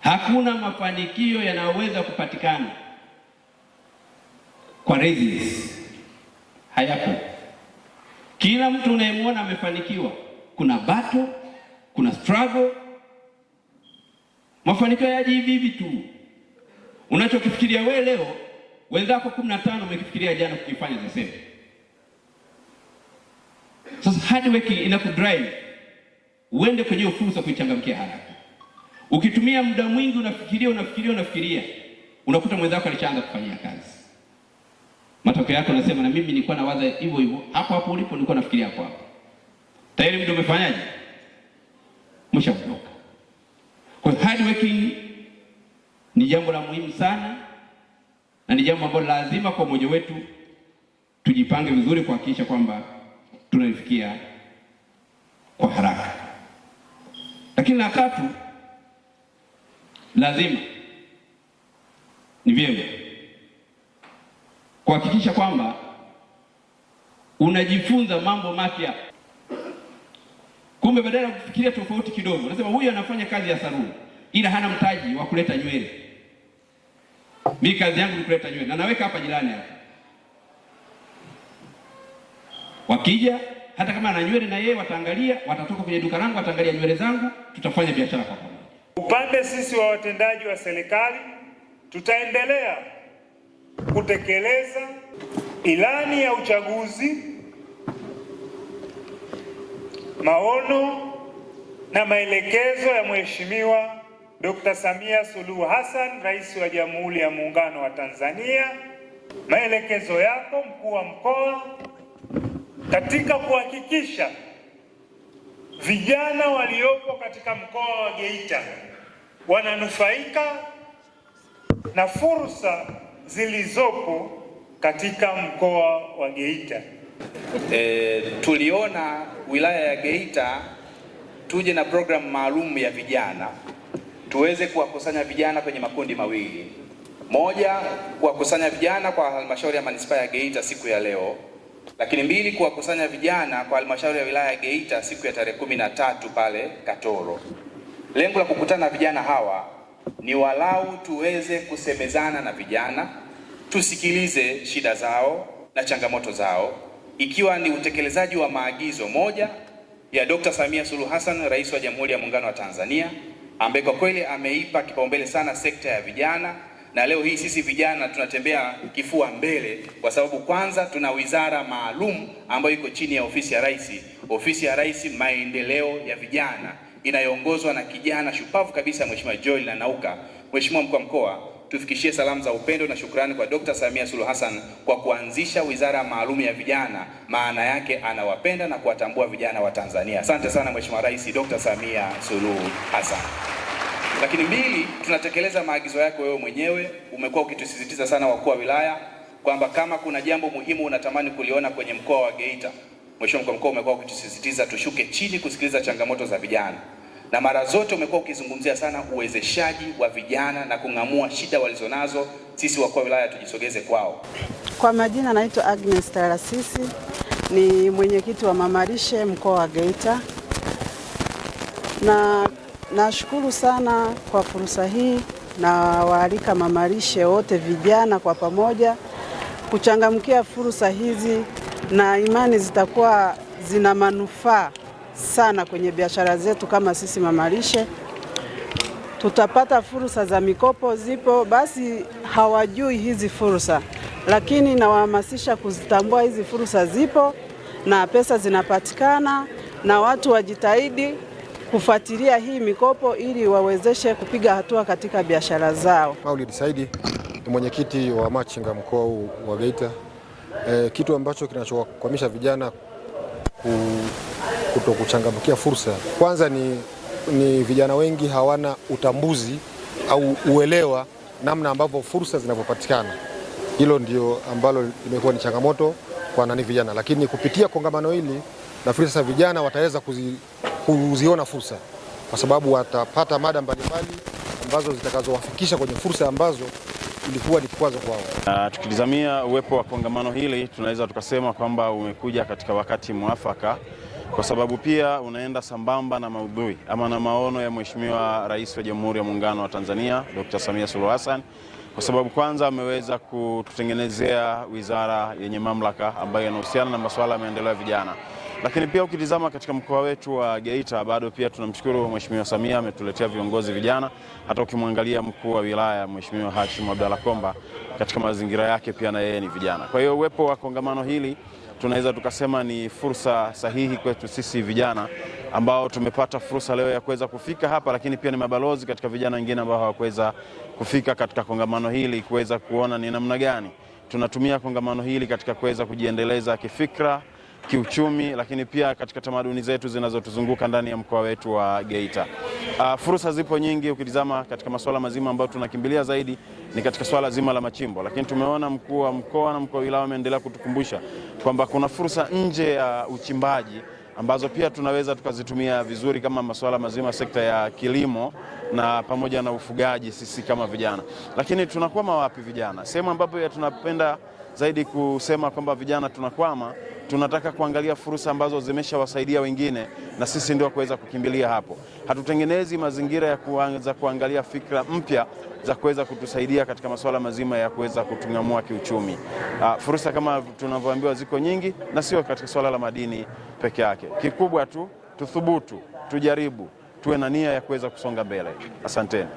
Hakuna mafanikio yanayoweza kupatikana kwa reasons, hayapo. Kila mtu unayemwona amefanikiwa, kuna battle, kuna struggle. Mafanikio yaji hivi hivi tu. Unachokifikiria wewe leo, wenzako kumi na tano umekifikiria jana kukifanya the same. Sasa hard work inakudrive uende kwenye fursa kuichangamkia haraka. Ukitumia muda mwingi unafikiria unafikiria unafikiria, unakuta mwenzako alishaanza kufanyia kazi. Matokeo yake unasema, na mimi nilikuwa nawaza hivyo hivyo, hapo hapo ulipo nilikuwa nafikiria hapo hapo. Tayari mtu umefanyaje? Mshaondoka. Kwa hard working ni jambo la muhimu sana na ni jambo ambalo lazima kwa mmoja wetu tujipange vizuri kuhakikisha kwamba tunalifikia kwa haraka. Lakini na tatu lazima ni vyema kuhakikisha kwamba unajifunza mambo mapya. Kumbe badala ya kufikiria tofauti kidogo, nasema huyu anafanya kazi ya saluni, ila hana mtaji wa kuleta nywele. Mimi kazi yangu ni kuleta nywele, na naweka hapa jirani hapa, wakija hata kama ana nywele na yeye wataangalia, watatoka kwenye duka langu wataangalia nywele zangu, tutafanya biashara kwa Upande sisi wa watendaji wa serikali tutaendelea kutekeleza ilani ya uchaguzi, maono na maelekezo ya Mheshimiwa Dr. Samia Suluhu Hassan, Rais wa Jamhuri ya Muungano wa Tanzania, maelekezo yako mkuu wa mkoa katika kuhakikisha vijana waliopo katika mkoa wa Geita wananufaika na fursa zilizopo katika mkoa wa Geita. E, tuliona wilaya ya Geita tuje na programu maalum ya vijana tuweze kuwakusanya vijana kwenye makundi mawili. Moja, kuwakusanya vijana kwa halmashauri ya manispaa ya Geita siku ya leo, lakini mbili, kuwakusanya vijana kwa halmashauri ya wilaya ya Geita siku ya tarehe kumi na tatu pale Katoro. Lengo la kukutana na vijana hawa ni walau tuweze kusemezana na vijana, tusikilize shida zao na changamoto zao, ikiwa ni utekelezaji wa maagizo moja ya Dkt. Samia Suluhu Hassan, Rais wa Jamhuri ya Muungano wa Tanzania, ambaye kwa kweli ameipa kipaumbele sana sekta ya vijana, na leo hii sisi vijana tunatembea kifua mbele, kwa sababu kwanza tuna wizara maalum ambayo iko chini ya ofisi ya Rais, ofisi ya Rais maendeleo ya vijana inayoongozwa na kijana shupavu kabisa Mheshimiwa Joel Nanauka. Mheshimiwa mkuu wa mkoa, tufikishie salamu za upendo na shukrani kwa Dr. Samia Suluhu Hassan kwa kuanzisha wizara maalum ya vijana. Maana yake anawapenda na kuwatambua vijana wa Tanzania. Asante sana Mheshimiwa Rais Dr. Samia Suluhu Hassan. Lakini mbili, tunatekeleza maagizo yako wewe mwenyewe. Umekuwa ukitusisitiza sana wakuu wa wilaya kwamba kama kuna jambo muhimu unatamani kuliona kwenye mkoa wa Geita Mheshimiwa Mkuu wa Mkoa umekuwa ukisisitiza tushuke chini kusikiliza changamoto za vijana, na mara zote umekuwa ukizungumzia sana uwezeshaji wa vijana na kung'amua shida walizonazo. Sisi wakuu wa wilaya tujisogeze kwao. Kwa majina naitwa Agnes Tarasisi, ni mwenyekiti wa mamarishe mkoa wa Geita, na nashukuru sana kwa fursa hii na waalika mamarishe wote vijana kwa pamoja kuchangamkia fursa hizi na imani zitakuwa zina manufaa sana kwenye biashara zetu. Kama sisi mamalishe tutapata fursa za mikopo, zipo basi hawajui hizi fursa, lakini nawahamasisha kuzitambua hizi fursa, zipo na pesa zinapatikana, na watu wajitahidi kufuatilia hii mikopo ili wawezeshe kupiga hatua katika biashara zao. Maulid Saidi ni mwenyekiti wa machinga mkoa wa Geita eh, kitu ambacho kinachowakwamisha vijana kuto kuchangamkia fursa kwanza ni, ni vijana wengi hawana utambuzi au uelewa namna ambavyo fursa zinavyopatikana. Hilo ndio ambalo limekuwa ni changamoto kwa nani vijana, lakini kupitia kongamano hili nafikiri sasa vijana wataweza kuzi, kuziona fursa kwa sababu watapata mada mbalimbali ambazo zitakazowafikisha kwenye fursa ambazo ilikuwa ni kikwazo kwao. Uh, tukilizamia uwepo wa kongamano hili tunaweza tukasema kwamba umekuja katika wakati mwafaka kwa sababu pia unaenda sambamba na maudhui ama na maono ya Mheshimiwa Rais wa Jamhuri ya Muungano wa Tanzania Dr. Samia Suluhu Hassan, kwa sababu kwanza ameweza kututengenezea wizara yenye mamlaka ambayo inahusiana na masuala ya maendeleo ya vijana. Lakini pia ukitizama katika mkoa wetu wa Geita bado pia tunamshukuru Mheshimiwa Samia ametuletea viongozi vijana. Hata ukimwangalia mkuu wa wilaya Mheshimiwa Hashim Abdalla Komba katika mazingira yake pia na yeye ni vijana. Kwa hiyo uwepo wa kongamano hili tunaweza tukasema ni fursa sahihi kwetu sisi vijana ambao tumepata fursa leo ya kuweza kufika hapa, lakini pia ni mabalozi katika vijana wengine ambao hawakuweza kufika katika kongamano hili kuweza kuona ni namna gani tunatumia kongamano hili katika kuweza kujiendeleza kifikra kiuchumi, lakini pia katika tamaduni zetu zinazotuzunguka ndani ya mkoa wetu wa Geita. Uh, fursa zipo nyingi. Ukitizama katika masuala mazima ambayo tunakimbilia zaidi ni katika swala zima la machimbo, lakini tumeona mkuu wa mkoa na mkuu wa wilaya ameendelea kutukumbusha kwamba kuna fursa nje ya uh, uchimbaji ambazo pia tunaweza tukazitumia vizuri kama masuala mazima sekta ya kilimo na pamoja na ufugaji, sisi kama vijana. Lakini tunakwama wapi vijana? Sehemu ambapo tunapenda zaidi kusema kwamba vijana tunakwama tunataka kuangalia fursa ambazo zimeshawasaidia wengine na sisi ndio kuweza kukimbilia hapo. Hatutengenezi mazingira ya kuanza kuangalia fikra mpya za kuweza kutusaidia katika masuala mazima ya kuweza kutung'amua kiuchumi. Uh, fursa kama tunavyoambiwa ziko nyingi na sio katika swala la madini peke yake. Kikubwa tu tuthubutu, tujaribu, tuwe na nia ya kuweza kusonga mbele. Asanteni.